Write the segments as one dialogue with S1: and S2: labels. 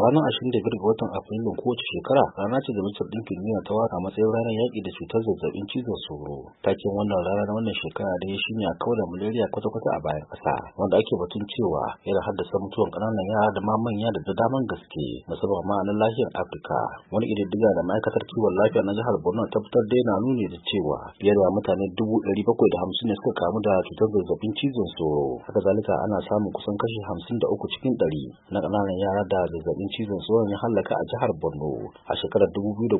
S1: ranar ashirin da biyar ga watan afrilun kowace shekara rana ce da majalisar ɗinkin duniya ta a matsayin ranar yaƙi da cutar zazzabin cizon sauro takin wannan rana na wannan shekara da ya shine a kawar da malaria kwata-kwata a bayan ƙasa wanda ake batun cewa yana haddasa mutuwan ƙananan yara da ma manya da da daman gaske musamman ma na lafiyar afirka wani ƙididdiga da ma'aikatar kiwon lafiya na jihar borno ta fitar da yana nuni da cewa fiye da mutane dubu ɗari bakwai da hamsin ne suka kamu da cutar zazzabin cizon sauro haka zalika ana samun kusan kashi hamsin da uku cikin ɗari na ƙananan yara da zazzabin cizon sauran ya hallaka a jihar Borno a shekarar 2016.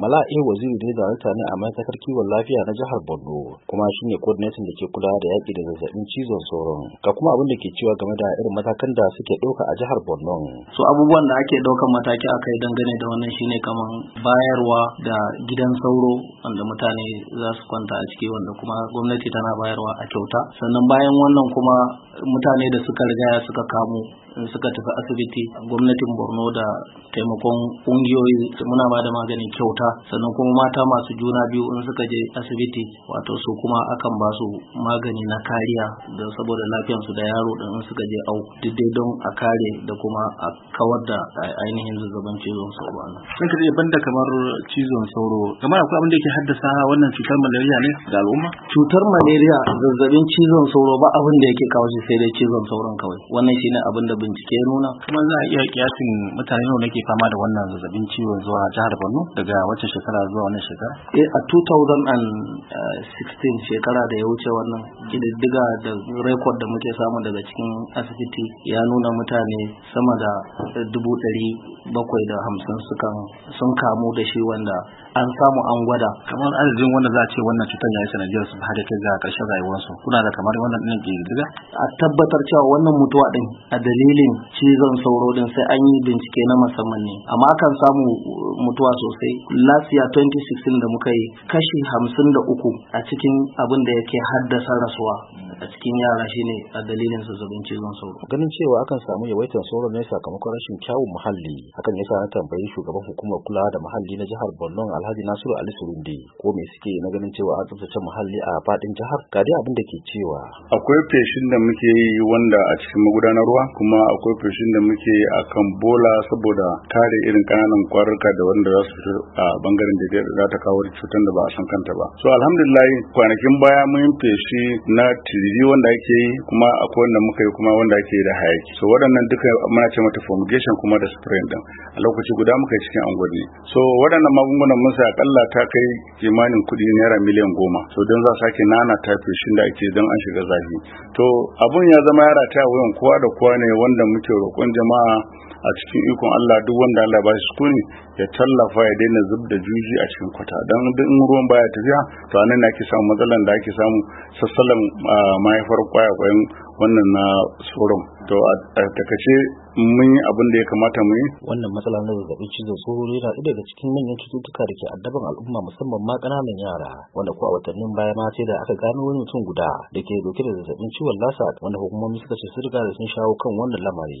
S1: Mala'i waziri ne darakta ne a ma'aikatar kiwon lafiya na jihar Borno kuma shine coordinating da ke kula da yaƙi da zazzabin cizon sauran. Ga kuma abin da ke cewa game da irin matakan da suke ɗauka a jihar Borno.
S2: So abubuwan da ake ɗaukan mataki a kai dangane da wannan shine kamar bayarwa da gidan sauro wanda mutane za su kwanta a ciki wanda kuma gwamnati tana bayarwa a kyauta. Sannan bayan wannan kuma mutane da suka riga suka kamu. suka tafi asibiti gwamnatin borno da taimakon kungiyoyi muna ba da maganin kyauta sannan kuma mata masu juna biyu in suka je asibiti wato su kuma akan ba su magani na kariya da saboda lafiyansu da yaro da in suka je au duk dai don a kare da kuma a kawar da ainihin zazzabin cizon sauro nan.
S1: Sai ka ban da kamar cizon sauro
S2: kamar akwai abin da yake haddasa wannan cutar malaria ne ga al'umma? Cutar malaria zazzabin cizon
S1: sauro ba abin
S2: da yake kawo shi sai dai cizon sauron kawai wannan shine abin da bincike ya nuna
S1: kuma za a iya kiyasin mutane nawa nake fama da wannan zazzabin ciwon zuwa jihar Borno daga wacce shekara zuwa wannan shekara
S2: eh a 2016 shekara da ya wuce wannan kididdiga da rekod da muke samu daga cikin asibiti ya nuna mutane sama da dubu ɗari bakwai da hamsin sukan sun kamu da shi wanda an samu an gwada kamar adadin wanda za a ce wannan cutar ya yi sanadiyar su har kai ga ƙarshen rayuwarsu kuna da kamar wannan ɗin kididdiga a tabbatar cewa wannan mutuwa ɗin a dalilin dalilin cizon sauro din sai an yi bincike na musamman ne amma akan samu uh, mutuwa sosai last year 2016 da muka yi kashi 53 a cikin abin da yake haddasa rasuwa a cikin yara shine a dalilin zazzabin cizon sauro.
S1: Ganin cewa akan samu yawaitar sauro ne sakamakon rashin kyawun muhalli. Hakan yasa na tambayi shugaban hukumar kulawa da muhalli na jihar Borno Alhaji Nasiru Ali Surunde ko me suke na ganin cewa an tsaftace muhalli a fadin jihar ga dai abin da ke cewa.
S3: Akwai feshin da muke yi wanda a cikin magudanar ruwa kuma akwai feshin da muke yi a kan bola saboda kare irin kananan kwarurka da wanda za su a bangaren da za ta kawo cutar da ba a san kanta ba. So alhamdulillah kwanakin baya mun feshi na tiri biyu wanda ake yi kuma akwai wanda muka yi kuma wanda ake da hayaki so waɗannan duka muna ce mata fumigation kuma da spraying din a lokaci guda muka yi cikin angwani so waɗannan magungunan mun sai akalla ta kai kimanin kuɗi naira miliyan goma so don za sake nana ta feshin da ake don an shiga zafi to abun ya zama ya rataya wayan kowa da kowa ne wanda muke roƙon jama'a a cikin ikon Allah duk wanda Allah ba shi sukuni ya tallafa ya daina zub da juji a cikin kwata dan duk in ruwan baya tafiya to anan ne ake samu matsalan da ake samu sassalan mahaifar kwaya kwayan wannan na tsoron to a takace mun yi abin da ya kamata mu yi
S1: wannan matsala na zazzabin cizon sauro yana ɗaya daga cikin manyan cututtuka da ke addaban al'umma musamman ma ƙananan yara wanda ko a watannin baya ma ce da aka gano wani mutum guda da ke dauke da zazzabin ciwon lasa wanda hukumomi suka ce sun riga da sun shawo kan wannan lamari